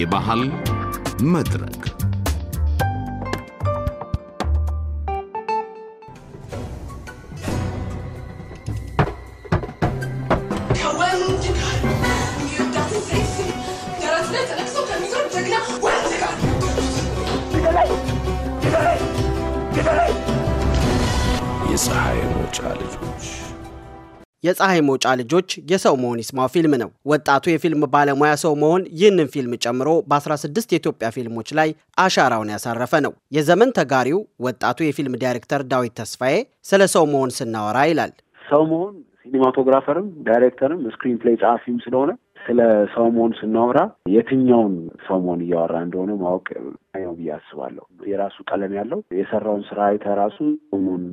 የባህል መድረክ የፀሐይ መውጫ ልጆች የሰው መሆን ይስማው ፊልም ነው። ወጣቱ የፊልም ባለሙያ ሰው መሆን ይህንን ፊልም ጨምሮ በ16 የኢትዮጵያ ፊልሞች ላይ አሻራውን ያሳረፈ ነው። የዘመን ተጋሪው ወጣቱ የፊልም ዳይሬክተር ዳዊት ተስፋዬ ስለ ሰው መሆን ስናወራ ይላል። ሰው መሆን ሲኒማቶግራፈርም ዳይሬክተርም ስክሪን ፕሌይ ጸሐፊም ስለሆነ ስለ ሰለሞን ስናወራ የትኛውን ሰለሞን እያወራ እንደሆነ ማወቅ ነው ብዬ አስባለሁ። የራሱ ቀለም ያለው የሰራውን ስራ የተራሱ ሰለሞን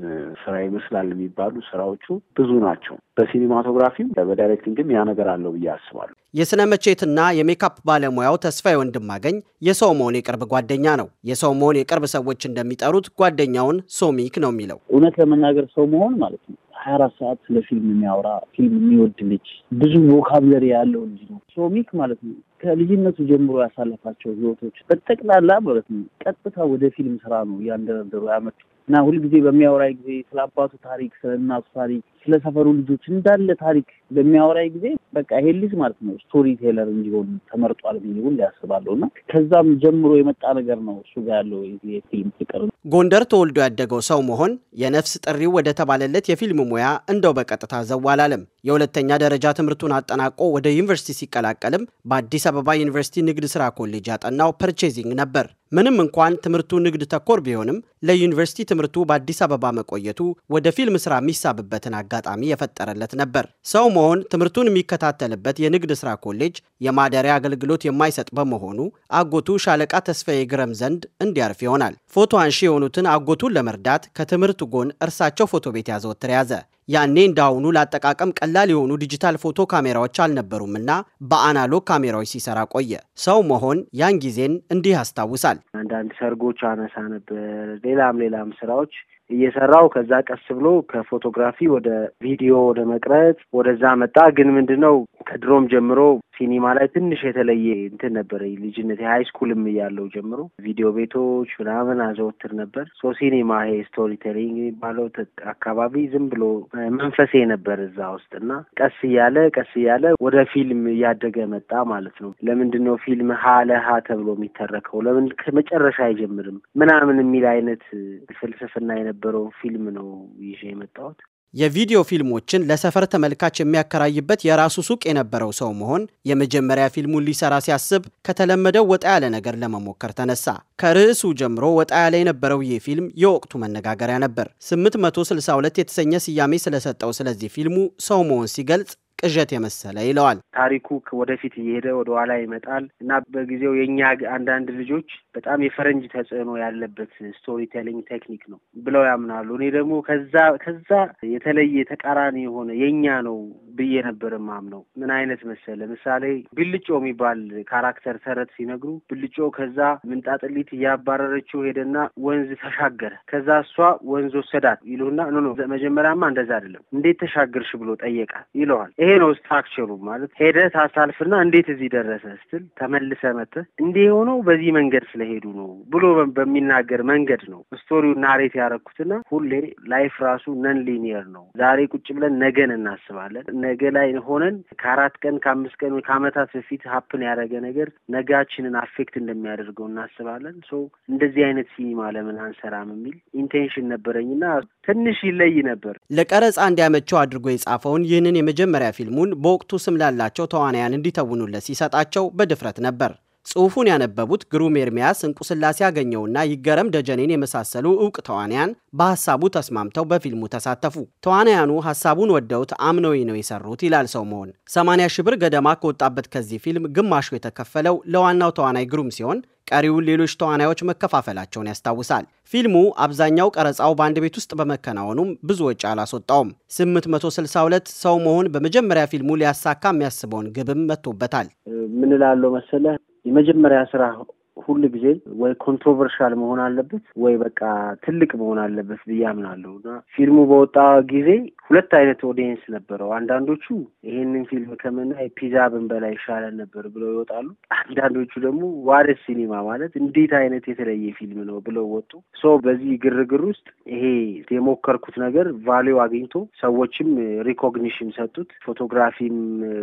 ስራ ይመስላል የሚባሉ ስራዎቹ ብዙ ናቸው። በሲኒማቶግራፊም በዳይሬክቲንግም ያ ነገር አለው ብዬ አስባለሁ። የስነ መቼትና የሜካፕ ባለሙያው ተስፋዬ ወንድማገኝ የሰለሞን የቅርብ ጓደኛ ነው። የሰለሞን የቅርብ ሰዎች እንደሚጠሩት ጓደኛውን ሶሚክ ነው የሚለው። እውነት ለመናገር ሰለሞን ማለት ነው ሀያ አራት ሰዓት ስለ ፊልም የሚያወራ ፊልም የሚወድ ልጅ ብዙ ቮካብለሪ ያለው ልጅ ነው። ሶሚክ ማለት ነው። ከልጅነቱ ጀምሮ ያሳለፋቸው ህይወቶች በጠቅላላ ማለት ነው ቀጥታ ወደ ፊልም ስራ ነው እያንደረደሩ ያመጡ እና ሁልጊዜ በሚያወራ ጊዜ ስለ አባቱ ታሪክ፣ ስለ እናቱ ታሪክ፣ ስለ ሰፈሩ ልጆች እንዳለ ታሪክ በሚያወራ ጊዜ በቃ ይሄ ልጅ ማለት ነው ስቶሪ ቴለር እንዲሆን ተመርጧል ብዬውን ሊያስባለሁ እና ከዛም ጀምሮ የመጣ ነገር ነው እሱ ጋር ያለው የፊልም ፍቅር። ጎንደር ተወልዶ ያደገው ሰው መሆን የነፍስ ጥሪው ወደ ተባለለት የፊልም ሙያ እንደው በቀጥታ ዘው አላለም። የሁለተኛ ደረጃ ትምህርቱን አጠናቆ ወደ ዩኒቨርሲቲ ሲቀላቀልም በአዲስ አበባ ዩኒቨርሲቲ ንግድ ስራ ኮሌጅ ያጠናው ፐርቼዚንግ ነበር። ምንም እንኳን ትምህርቱ ንግድ ተኮር ቢሆንም ለዩኒቨርሲቲ ትምህርቱ በአዲስ አበባ መቆየቱ ወደ ፊልም ስራ የሚሳብበትን አጋጣሚ የፈጠረለት ነበር። ሰው መሆን ትምህርቱን የሚከታተልበት የንግድ ስራ ኮሌጅ የማደሪያ አገልግሎት የማይሰጥ በመሆኑ አጎቱ ሻለቃ ተስፋዬ ግረም ዘንድ እንዲያርፍ ይሆናል። ፎቶ አንሺ የሆኑትን አጎቱን ለመርዳት ከትምህርቱ ጎን እርሳቸው ፎቶ ቤት ያዘወትር ያዘ። ያኔ እንዳሁኑ ለአጠቃቀም ቀላል የሆኑ ዲጂታል ፎቶ ካሜራዎች አልነበሩምና በአናሎግ ካሜራዎች ሲሰራ ቆየ። ሰው መሆን ያን ጊዜን እንዲህ ያስታውሳል። አንዳንድ ሰርጎች አነሳ ነበር፣ ሌላም ሌላም ስራዎች እየሰራው ከዛ ቀስ ብሎ ከፎቶግራፊ ወደ ቪዲዮ ወደ መቅረጽ ወደዛ መጣ። ግን ምንድን ነው ከድሮም ጀምሮ ሲኒማ ላይ ትንሽ የተለየ እንትን ነበረ። ልጅነት ሃይ ስኩልም እያለው ጀምሮ ቪዲዮ ቤቶች ምናምን አዘወትር ነበር። ሶ ሲኒማ ይሄ ስቶሪ ቴሊንግ የሚባለው አካባቢ ዝም ብሎ መንፈሴ ነበር እዛ ውስጥ እና ቀስ እያለ ቀስ እያለ ወደ ፊልም እያደገ መጣ ማለት ነው። ለምንድን ነው ፊልም ሀ ለሀ ተብሎ የሚተረከው? ለምን ከመጨረሻ አይጀምርም? ምናምን የሚል አይነት ፍልስፍና የነበረው ፊልም ነው ይዤ የመጣሁት። የቪዲዮ ፊልሞችን ለሰፈር ተመልካች የሚያከራይበት የራሱ ሱቅ የነበረው ሰው መሆን የመጀመሪያ ፊልሙን ሊሰራ ሲያስብ ከተለመደው ወጣ ያለ ነገር ለመሞከር ተነሳ። ከርዕሱ ጀምሮ ወጣ ያለ የነበረው ይህ ፊልም የወቅቱ መነጋገሪያ ነበር። 862 የተሰኘ ስያሜ ስለሰጠው ስለዚህ ፊልሙ ሰው መሆን ሲገልጽ ቅዠት የመሰለ ይለዋል። ታሪኩ ወደፊት እየሄደ ወደ ኋላ ይመጣል እና በጊዜው የእኛ አንዳንድ ልጆች በጣም የፈረንጅ ተጽዕኖ ያለበት ስቶሪ ቴሊንግ ቴክኒክ ነው ብለው ያምናሉ። እኔ ደግሞ ከዛ ከዛ የተለየ ተቃራኒ የሆነ የእኛ ነው ብዬ ነበር ማምነው። ምን አይነት መሰለ ምሳሌ ብልጮ የሚባል ካራክተር ተረት ሲነግሩ ብልጮ ከዛ ምንጣጥሊት እያባረረችው ሄደና ወንዝ ተሻገረ። ከዛ እሷ ወንዝ ወሰዳት ይሉና ኖ ኖ መጀመሪያማ እንደዛ አይደለም እንዴት ተሻገርሽ ብሎ ጠየቃት ይለዋል። ይሄ ነው ስትራክቸሩ ማለት ሄደ ታሳልፍና እንዴት እዚህ ደረሰ ስትል ተመልሰ መተ እንዲህ የሆነው በዚህ መንገድ ስለሄዱ ነው ብሎ በሚናገር መንገድ ነው ስቶሪው ናሬት ያረኩትና ሁሌ ላይፍ ራሱ ነን ሊኒየር ነው። ዛሬ ቁጭ ብለን ነገን እናስባለን ነገ ላይ ሆነን ከአራት ቀን ከአምስት ቀን ወይ ከአመታት በፊት ሀፕን ያደረገ ነገር ነጋችንን አፌክት እንደሚያደርገው እናስባለን። ሶ እንደዚህ አይነት ሲኒማ ለምን አንሰራም የሚል ኢንቴንሽን ነበረኝና ትንሽ ይለይ ነበር። ለቀረጻ እንዲያመቸው አድርጎ የጻፈውን ይህንን የመጀመሪያ ፊልሙን በወቅቱ ስም ላላቸው ተዋናያን እንዲተውኑለት ሲሰጣቸው በድፍረት ነበር። ጽሑፉን ያነበቡት ግሩም ኤርሚያስ፣ እንቁስላሴ ያገኘውና ይገረም ደጀኔን የመሳሰሉ እውቅ ተዋንያን በሐሳቡ ተስማምተው በፊልሙ ተሳተፉ። ተዋንያኑ ሐሳቡን ወደውት አምነው ነው የሰሩት ይላል ሰው መሆን። 80 ሺህ ብር ገደማ ከወጣበት ከዚህ ፊልም ግማሹ የተከፈለው ለዋናው ተዋናይ ግሩም ሲሆን ቀሪውን ሌሎች ተዋናዮች መከፋፈላቸውን ያስታውሳል። ፊልሙ አብዛኛው ቀረጻው በአንድ ቤት ውስጥ በመከናወኑም ብዙ ወጪ አላስወጣውም። 862 ሰው መሆን በመጀመሪያ ፊልሙ ሊያሳካ የሚያስበውን ግብም መጥቶበታል። ምን እላለሁ መሰለህ የመጀመሪያ ስራ ሁል ጊዜ ወይ ኮንትሮቨርሻል መሆን አለበት ወይ በቃ ትልቅ መሆን አለበት ብዬ አምናለሁ እና ፊልሙ በወጣ ጊዜ ሁለት አይነት ኦዲየንስ ነበረው። አንዳንዶቹ ይሄንን ፊልም ከምናይ ፒዛ ብንበላ ይሻለን ነበር ብለው ይወጣሉ። አንዳንዶቹ ደግሞ ዋደ ሲኒማ ማለት እንዴት አይነት የተለየ ፊልም ነው ብለው ወጡ። ሶ በዚህ ግርግር ውስጥ ይሄ የሞከርኩት ነገር ቫሊዩ አግኝቶ ሰዎችም ሪኮግኒሽን ሰጡት። ፎቶግራፊም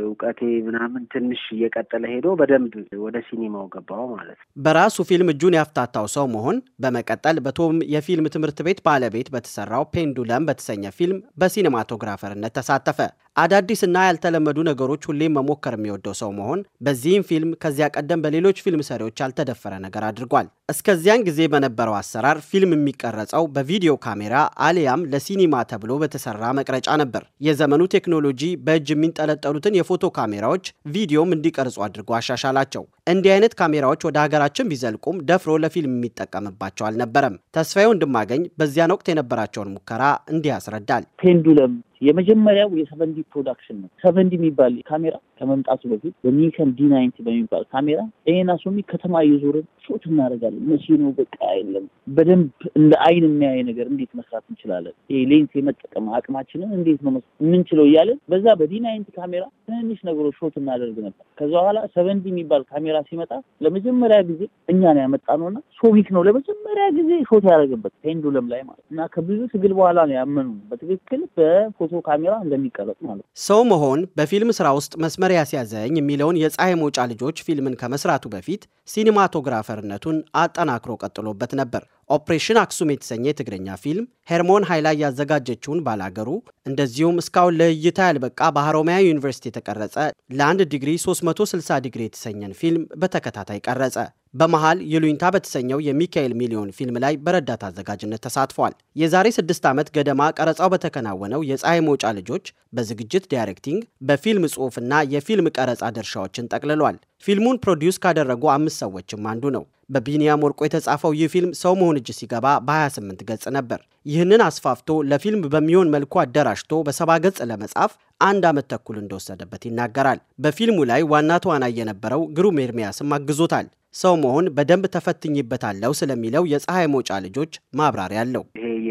እውቀቴ ምናምን ትንሽ እየቀጠለ ሄዶ በደንብ ወደ ሲኒማው ገባው ማለት ነው። በራሱ ፊልም እጁን ያፍታታው ሰው መሆን፣ በመቀጠል በቶም የፊልም ትምህርት ቤት ባለቤት በተሰራው ፔንዱለም በተሰኘ ፊልም በሲኒማቶግራፈርነት ተሳተፈ። አዳዲስና ያልተለመዱ ነገሮች ሁሌም መሞከር የሚወደው ሰው መሆን በዚህም ፊልም ከዚያ ቀደም በሌሎች ፊልም ሰሪዎች ያልተደፈረ ነገር አድርጓል። እስከዚያን ጊዜ በነበረው አሰራር ፊልም የሚቀረጸው በቪዲዮ ካሜራ አሊያም ለሲኒማ ተብሎ በተሰራ መቅረጫ ነበር። የዘመኑ ቴክኖሎጂ በእጅ የሚንጠለጠሉትን የፎቶ ካሜራዎች ቪዲዮም እንዲቀርጹ አድርጎ አሻሻላቸው። እንዲህ አይነት ካሜራዎች ወደ ሀገራቸው ሀሳቦችን ቢዘልቁም ደፍሮ ለፊልም የሚጠቀምባቸው አልነበረም። ተስፋዬ ወንድማገኝ በዚያን ወቅት የነበራቸውን ሙከራ እንዲህ ያስረዳል። ፔንዱለም የመጀመሪያው የሰቨንዲ ፕሮዳክሽን ነው። ሰቨንዲ የሚባል ካሜራ ከመምጣቱ በፊት በኒከን ዲ ናይንቲ በሚባል ካሜራ ይሄን ሶሚ ከተማ እየዞርን ሾት እናደርጋለን። መቼ ነው በቃ የለም በደንብ እንደ አይን የሚያይ ነገር እንዴት መስራት እንችላለን፣ ይሄ ሌንስ የመጠቀም አቅማችንን እንዴት ነው የምንችለው እያለን በዛ በዲ ናይንቲ ካሜራ ትንንሽ ነገሮች ሾት እናደርግ ነበር። ከዛ በኋላ ሰቨንዲ የሚባል ካሜራ ሲመጣ ለመጀመሪያ ጊዜ እኛ ነው ያመጣ እና ሶሚክ ነው ለመጀመሪያ ጊዜ ሾት ያደረገበት ፔንዱለም ላይ ማለት እና ከብዙ ትግል በኋላ ነው ያመኑ በትክክል በፎ ፎቶ ካሜራ እንደሚቀረጽ ማለት ነው። ሰው መሆን በፊልም ስራ ውስጥ መስመር ያስያዘኝ የሚለውን የፀሐይ መውጫ ልጆች ፊልምን ከመስራቱ በፊት ሲኒማቶግራፈርነቱን አጠናክሮ ቀጥሎበት ነበር። ኦፕሬሽን አክሱም የተሰኘ የትግረኛ ፊልም ሄርሞን ሀይላ ያዘጋጀችውን ባላገሩ፣ እንደዚሁም እስካሁን ለእይታ ያልበቃ በሀሮማያ ዩኒቨርሲቲ የተቀረጸ ለአንድ ዲግሪ 360 ዲግሪ የተሰኘን ፊልም በተከታታይ ቀረጸ። በመሃል ይሉኝታ በተሰኘው የሚካኤል ሚሊዮን ፊልም ላይ በረዳት አዘጋጅነት ተሳትፏል። የዛሬ ስድስት ዓመት ገደማ ቀረጻው በተከናወነው የፀሐይ መውጫ ልጆች በዝግጅት ዳይሬክቲንግ፣ በፊልም ጽሑፍና የፊልም ቀረጻ ድርሻዎችን ጠቅልሏል። ፊልሙን ፕሮዲውስ ካደረጉ አምስት ሰዎችም አንዱ ነው። በቢኒያም ወርቆ የተጻፈው ይህ ፊልም ሰው መሆን እጅ ሲገባ በ28 ገጽ ነበር። ይህንን አስፋፍቶ ለፊልም በሚሆን መልኩ አደራጅቶ በሰባ ገጽ ለመጻፍ አንድ ዓመት ተኩል እንደወሰደበት ይናገራል። በፊልሙ ላይ ዋና ተዋናይ የነበረው ግሩም ኤርሚያስም አግዞታል። ሰው መሆን በደንብ ተፈትኝበታለሁ ስለሚለው የፀሐይ መውጫ ልጆች ማብራሪያ አለው።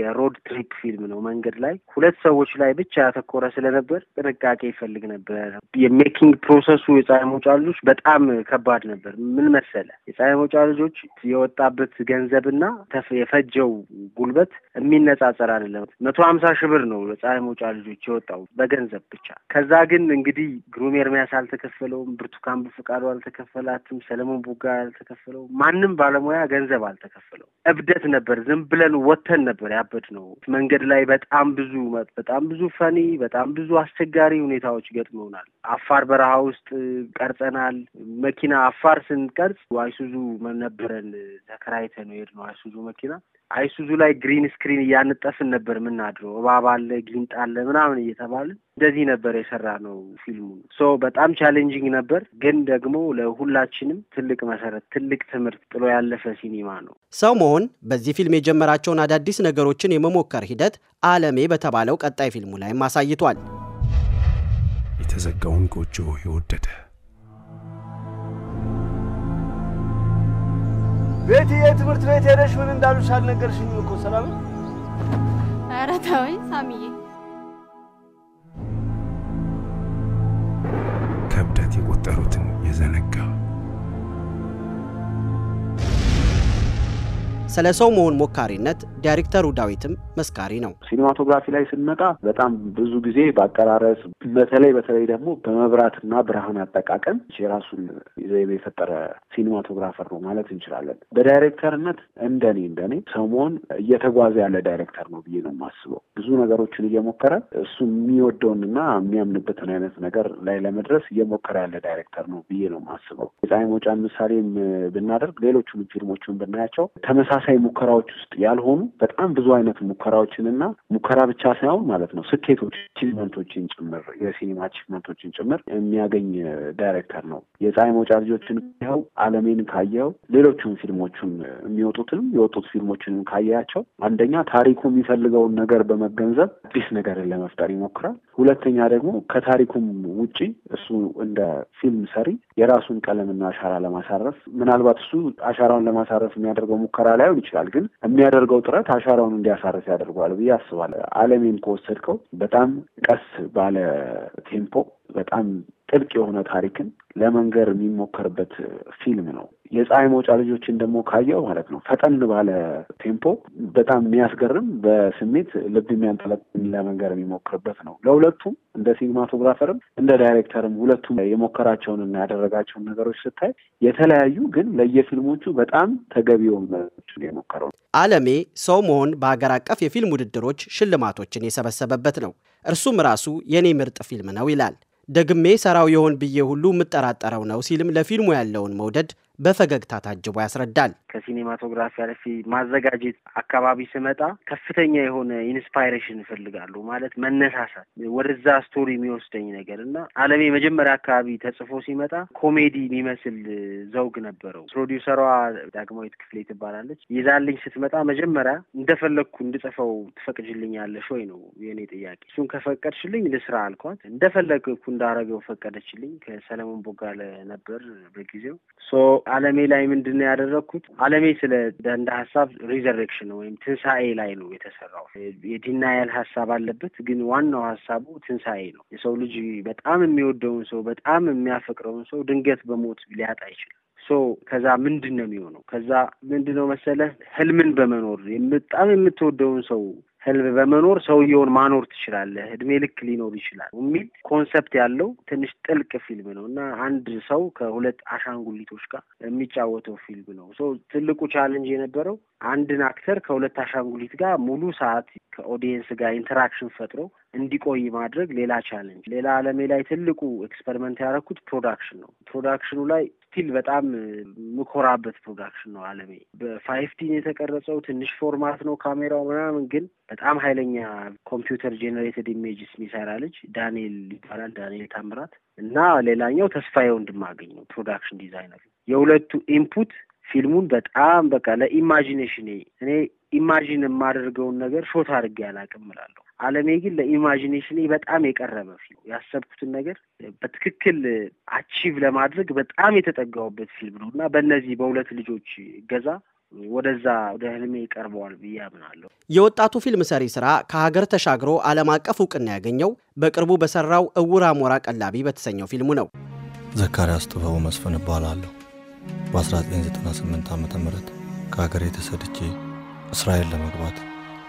የሮድ ትሪፕ ፊልም ነው። መንገድ ላይ ሁለት ሰዎች ላይ ብቻ ያተኮረ ስለነበር ጥንቃቄ ይፈልግ ነበር። የሜኪንግ ፕሮሰሱ የፀሐይ መውጫ ልጆች በጣም ከባድ ነበር። ምን መሰለ የፀሐይ መውጫ ልጆች የወጣበት ገንዘብና የፈጀው ጉልበት የሚነጻጸር አይደለም። መቶ ሀምሳ ሺህ ብር ነው ለፀሐይ መውጫ ልጆች የወጣው በገንዘብ ብቻ። ከዛ ግን እንግዲህ ግሩም ኤርሚያስ አልተከፈለውም፣ ብርቱካን ፍቃዱ አልተከፈላትም፣ ሰለሞን ቡጋ አልተከፈለው፣ ማንም ባለሙያ ገንዘብ አልተከፈለው። እብደት ነበር። ዝም ብለን ወተን ነበር ያበ ከባድ ነው። መንገድ ላይ በጣም ብዙ በጣም ብዙ ፈኒ በጣም ብዙ አስቸጋሪ ሁኔታዎች ገጥመውናል። አፋር በረሃ ውስጥ ቀርጸናል። መኪና አፋር ስንቀርጽ አይሱዙ ነበረን ተከራይተ ነው የሄድነው አይሱዙ መኪና አይሱዙ ላይ ግሪን ስክሪን እያነጠፍን ነበር የምናድረው። እባብ አለ፣ ጊንጥ አለ ምናምን እየተባልን እንደዚህ ነበር የሰራ ነው ፊልሙ። ሶ በጣም ቻሌንጂንግ ነበር፣ ግን ደግሞ ለሁላችንም ትልቅ መሰረት፣ ትልቅ ትምህርት ጥሎ ያለፈ ሲኒማ ነው። ሰው መሆን በዚህ ፊልም የጀመራቸውን አዳዲስ ነገሮችን የመሞከር ሂደት አለሜ በተባለው ቀጣይ ፊልሙ ላይም አሳይቷል። የተዘጋውን ጎጆ የወደደ ቤት የትምህርት ቤት ሄደሽ ምን እንዳሉሽ አልነገርሽኝም እኮ ሰላም። ኧረ ተወኝ ሳሚዬ። ክብደት የቆጠሩትን የዘነጋ ስለ ሰው መሆን ሞካሪነት ዳይሬክተሩ ዳዊትም መስካሪ ነው። ሲኒማቶግራፊ ላይ ስንመጣ በጣም ብዙ ጊዜ በአቀራረጽ በተለይ በተለይ ደግሞ በመብራትና ብርሃን አጠቃቀም የራሱን ዘይቤ የፈጠረ ሲኒማቶግራፈር ነው ማለት እንችላለን። በዳይሬክተርነት እንደኔ እንደኔ ሰው መሆን እየተጓዘ ያለ ዳይሬክተር ነው ብዬ ነው የማስበው። ብዙ ነገሮችን እየሞከረ እሱ የሚወደውንና የሚያምንበትን አይነት ነገር ላይ ለመድረስ እየሞከረ ያለ ዳይሬክተር ነው ብዬ ነው የማስበው። የፀሐይ መውጫን ምሳሌም ብናደርግ ሌሎቹን ፊልሞችን ብናያቸው ተመሳ ተመሳሳይ ሙከራዎች ውስጥ ያልሆኑ በጣም ብዙ አይነት ሙከራዎችንና ሙከራ ብቻ ሳይሆን ማለት ነው ስኬቶች፣ አቺቭመንቶችን ጭምር የሲኒማ አቺቭመንቶችን ጭምር የሚያገኝ ዳይሬክተር ነው። የፀሐይ መውጫ ልጆችን ካየኸው፣ አለሜን ካየው ሌሎቹን ፊልሞቹን የሚወጡትንም የወጡት ፊልሞችንም ካየያቸው አንደኛ ታሪኩ የሚፈልገውን ነገር በመገንዘብ አዲስ ነገርን ለመፍጠር ይሞክራል። ሁለተኛ ደግሞ ከታሪኩም ውጪ እሱ እንደ ፊልም ሰሪ የራሱን ቀለምና አሻራ ለማሳረፍ ምናልባት እሱ አሻራውን ለማሳረፍ የሚያደርገው ሙከራ ላይ ላይሆን ይችላል፣ ግን የሚያደርገው ጥረት አሻራውን እንዲያሳርፍ ያደርገዋል ብዬ አስባለሁ። ዓለሜን ከወሰድከው በጣም ቀስ ባለ ቴምፖ በጣም ጥልቅ የሆነ ታሪክን ለመንገር የሚሞከርበት ፊልም ነው። የፀሐይ መውጫ ልጆችን ደግሞ ካየው ማለት ነው ፈጠን ባለ ቴምፖ በጣም የሚያስገርም በስሜት ልብ የሚያንጠለጥል ለመንገር የሚሞክርበት ነው። ለሁለቱም እንደ ሲኒማቶግራፈርም እንደ ዳይሬክተርም ሁለቱም የሞከራቸውንና ያደረጋቸውን ነገሮች ስታይ የተለያዩ ግን ለየፊልሞቹ በጣም ተገቢ የሞከረው ነው። አለሜ ሰው መሆን በሀገር አቀፍ የፊልም ውድድሮች ሽልማቶችን የሰበሰበበት ነው። እርሱም ራሱ የኔ ምርጥ ፊልም ነው ይላል። ደግሜ ሰራው የሆን ብዬ ሁሉ የምጠራጠረው ነው ሲልም ለፊልሙ ያለውን መውደድ በፈገግታ ታጅቦ ያስረዳል። ከሲኔማቶግራፊ አለፊ ማዘጋጀት አካባቢ ስመጣ ከፍተኛ የሆነ ኢንስፓይሬሽን እፈልጋለሁ። ማለት መነሳሳት፣ ወደዛ ስቶሪ የሚወስደኝ ነገር እና አለሜ መጀመሪያ አካባቢ ተጽፎ ሲመጣ ኮሜዲ የሚመስል ዘውግ ነበረው። ፕሮዲውሰሯ ዳግማዊት ክፍሌ ትባላለች። ይዛልኝ ስትመጣ መጀመሪያ እንደፈለግኩ እንድጽፈው ትፈቅጅልኛለሽ ወይ ነው የኔ ጥያቄ። እሱን ከፈቀድሽልኝ ልስራ አልኳት። እንደፈለግኩ እንዳረገው ፈቀደችልኝ። ከሰለሞን ቦጋለ ነበር በጊዜው ሶ አለሜ ላይ ምንድን ነው ያደረግኩት? አለሜ ስለ እንደ ሀሳብ ሪዘሬክሽን ወይም ትንሣኤ ላይ ነው የተሰራው። የዲናያል ሀሳብ አለበት፣ ግን ዋናው ሀሳቡ ትንሣኤ ነው። የሰው ልጅ በጣም የሚወደውን ሰው በጣም የሚያፈቅረውን ሰው ድንገት በሞት ሊያጣ ይችላል። ሶ ከዛ ምንድን ነው የሚሆነው? ከዛ ምንድን ነው መሰለህ ህልምን በመኖር በጣም የምትወደውን ሰው ህልም በመኖር ሰውየውን ማኖር ትችላለህ፣ እድሜ ልክ ሊኖር ይችላል የሚል ኮንሰፕት ያለው ትንሽ ጥልቅ ፊልም ነው እና አንድ ሰው ከሁለት አሻንጉሊቶች ጋር የሚጫወተው ፊልም ነው። ሰው ትልቁ ቻለንጅ የነበረው አንድን አክተር ከሁለት አሻንጉሊት ጋር ሙሉ ሰዓት ከኦዲየንስ ጋር ኢንተራክሽን ፈጥሮ እንዲቆይ ማድረግ ሌላ ቻለንጅ። ሌላ አለሜ ላይ ትልቁ ኤክስፐሪመንት ያደረኩት ፕሮዳክሽን ነው። ፕሮዳክሽኑ ላይ ስቲል በጣም ምኮራበት ፕሮዳክሽን ነው አለሜ። በፋይፍቲን የተቀረጸው ትንሽ ፎርማት ነው ካሜራው ምናምን፣ ግን በጣም ሀይለኛ ኮምፒውተር ጄኔሬትድ ኢሜጅስ የሚሰራ ልጅ ዳንኤል ይባላል፣ ዳንኤል ታምራት እና ሌላኛው ተስፋዬ ወንድማገኝ ነው ፕሮዳክሽን ዲዛይነር። የሁለቱ ኢንፑት ፊልሙን በጣም በቃ ለኢማጂኔሽን እኔ ኢማጂን የማደርገውን ነገር ሾት አድርጌ አላውቅም እላለሁ። አለሜ ግን ለኢማጂኔሽኔ በጣም የቀረበ ፊልም፣ ያሰብኩትን ነገር በትክክል አቺቭ ለማድረግ በጣም የተጠጋውበት ፊልም ነው እና በእነዚህ በሁለት ልጆች ገዛ ወደዛ ወደ ህልሜ ይቀርበዋል ብዬ አምናለሁ። የወጣቱ ፊልም ሰሪ ስራ ከሀገር ተሻግሮ ዓለም አቀፍ እውቅና ያገኘው በቅርቡ በሰራው እውር አሞራ ቀላቢ በተሰኘው ፊልሙ ነው። ዘካርያስ ጥበቡ መስፍን እባላለሁ። በ1998 ዓ ም ከሀገሬ ተሰድቼ እስራኤል ለመግባት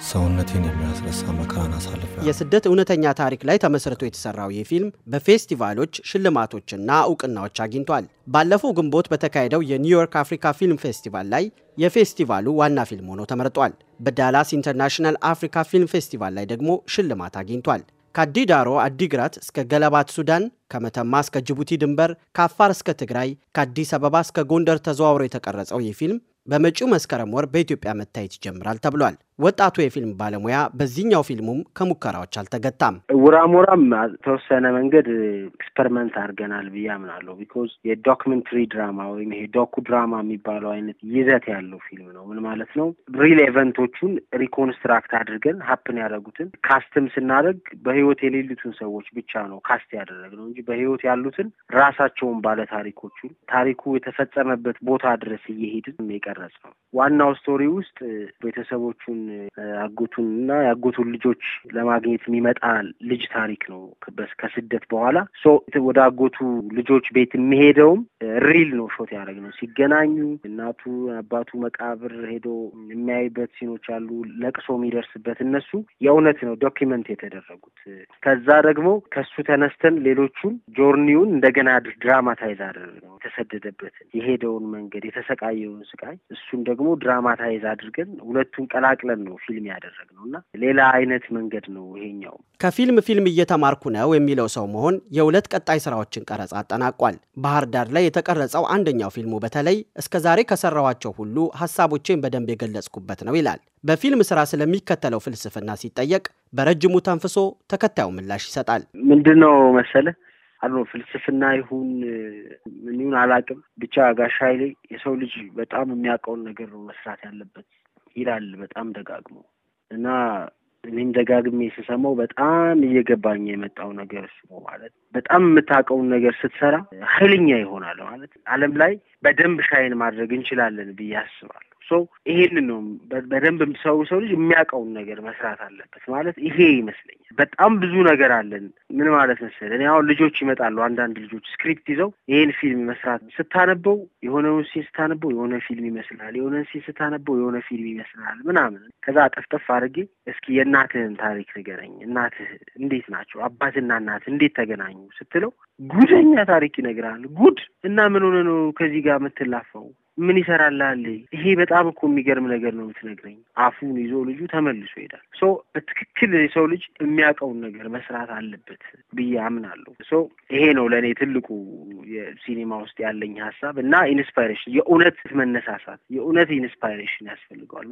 ሰውነቴን የሚያስረሳ መከራን አሳልፍ። የስደት እውነተኛ ታሪክ ላይ ተመስርቶ የተሰራው ይህ ፊልም በፌስቲቫሎች ሽልማቶችና እውቅናዎች አግኝቷል። ባለፈው ግንቦት በተካሄደው የኒውዮርክ አፍሪካ ፊልም ፌስቲቫል ላይ የፌስቲቫሉ ዋና ፊልም ሆኖ ተመርጧል። በዳላስ ኢንተርናሽናል አፍሪካ ፊልም ፌስቲቫል ላይ ደግሞ ሽልማት አግኝቷል። ከአዲዳሮ አዲግራት እስከ ገለባት ሱዳን፣ ከመተማ እስከ ጅቡቲ ድንበር፣ ከአፋር እስከ ትግራይ፣ ከአዲስ አበባ እስከ ጎንደር ተዘዋውሮ የተቀረጸው ይህ ፊልም በመጪው መስከረም ወር በኢትዮጵያ መታየት ይጀምራል ተብሏል። ወጣቱ የፊልም ባለሙያ በዚህኛው ፊልሙም ከሙከራዎች አልተገታም። ውራሙራም ተወሰነ መንገድ ኤክስፐሪመንት አድርገናል ብዬ አምናለሁ። ቢኮዝ የዶክመንትሪ ድራማ ወይም ይሄ ዶኩ ድራማ የሚባለው አይነት ይዘት ያለው ፊልም ነው። ምን ማለት ነው? ሪል ኤቨንቶቹን ሪኮንስትራክት አድርገን ሀፕን ያደረጉትን ካስትም ስናደርግ በህይወት የሌሉትን ሰዎች ብቻ ነው ካስት ያደረግነው እንጂ በህይወት ያሉትን ራሳቸውን ባለ ታሪኮቹን ታሪኩ የተፈጸመበት ቦታ ድረስ እየሄድን ነው። ዋናው ስቶሪ ውስጥ ቤተሰቦቹን አጎቱን እና የአጎቱን ልጆች ለማግኘት የሚመጣ ልጅ ታሪክ ነው። ከስደት በኋላ ሶ ወደ አጎቱ ልጆች ቤት የሚሄደውም ሪል ነው። ሾት ያደረግ ነው። ሲገናኙ እናቱ አባቱ መቃብር ሄዶ የሚያይበት ሲኖች አሉ። ለቅሶ የሚደርስበት እነሱ የእውነት ነው ዶኪመንት የተደረጉት። ከዛ ደግሞ ከሱ ተነስተን ሌሎቹን ጆርኒውን እንደገና ድራማታይዝ አደረግ ነው የተሰደደበትን የሄደውን መንገድ የተሰቃየውን ስቃይ እሱን ደግሞ ድራማታይዝ አድርገን ሁለቱን ቀላቅለን ነው ፊልም ነው እና ሌላ አይነት መንገድ ነው ይሄኛው። ከፊልም ፊልም እየተማርኩ ነው የሚለው ሰው መሆን የሁለት ቀጣይ ስራዎችን ቀረጻ አጠናቋል። ባህር ዳር ላይ የተቀረጸው አንደኛው ፊልሙ በተለይ እስከ ዛሬ ከሰራኋቸው ሁሉ ሀሳቦቼን በደንብ የገለጽኩበት ነው ይላል። በፊልም ስራ ስለሚከተለው ፍልስፍና ሲጠየቅ በረጅሙ ተንፍሶ ተከታዩ ምላሽ ይሰጣል። ምንድን ነው መሰለ አለ ፍልስፍና ይሁን ምን ይሁን አላውቅም፣ ብቻ ጋሽ ኃይሌ የሰው ልጅ በጣም የሚያውቀውን ነገር ነው መስራት ያለበት ይላል በጣም ደጋግሞ እና እኔም ደጋግሜ ስሰማው በጣም እየገባኝ የመጣው ነገር እሱ ነው። ማለት በጣም የምታውቀውን ነገር ስትሰራ ኃይለኛ ይሆናል ማለት ዓለም ላይ በደንብ ሻይን ማድረግ እንችላለን ብዬ አስባለሁ። ሰው ይሄንን ነው በደንብ የሚሰሩ ሰው ልጅ የሚያውቀውን ነገር መስራት አለበት ማለት ይሄ ይመስለኛል። በጣም ብዙ ነገር አለን። ምን ማለት መሰለህ እኔ አሁን ልጆች ይመጣሉ፣ አንዳንድ ልጆች ስክሪፕት ይዘው ይሄን ፊልም መስራት ስታነበው የሆነውን ሴ ስታነበው የሆነ ፊልም ይመስላል፣ የሆነን ሲን ስታነበው የሆነ ፊልም ይመስላል ምናምን። ከዛ ጠፍጠፍ አድርጌ እስኪ የእናትህን ታሪክ ንገረኝ፣ እናትህ እንዴት ናቸው፣ አባትና እናት እንዴት ተገናኙ ስትለው ጉደኛ ታሪክ ይነግራል። ጉድ እና ምን ሆነ ነው ከዚህ ጋር የምትላፈው ምን ይሰራልሃል? ይሄ በጣም እኮ የሚገርም ነገር ነው የምትነግረኝ። አፉን ይዞ ልጁ ተመልሶ ይሄዳል። ሶ በትክክል የሰው ልጅ የሚያውቀውን ነገር መስራት አለበት ብዬ አምናለሁ። ሶ ይሄ ነው ለእኔ ትልቁ የሲኒማ ውስጥ ያለኝ ሀሳብ እና ኢንስፓይሬሽን፣ የእውነት መነሳሳት፣ የእውነት ኢንስፓይሬሽን ያስፈልገዋል።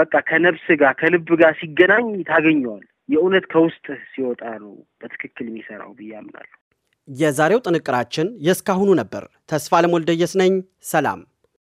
በቃ ከነፍስ ጋር ከልብ ጋር ሲገናኝ ታገኘዋል። የእውነት ከውስጥ ሲወጣ ነው በትክክል የሚሰራው ብዬ አምናለሁ። የዛሬው ጥንቅራችን የእስካሁኑ ነበር። ተስፋ ለሞልደየስ ነኝ። ሰላም።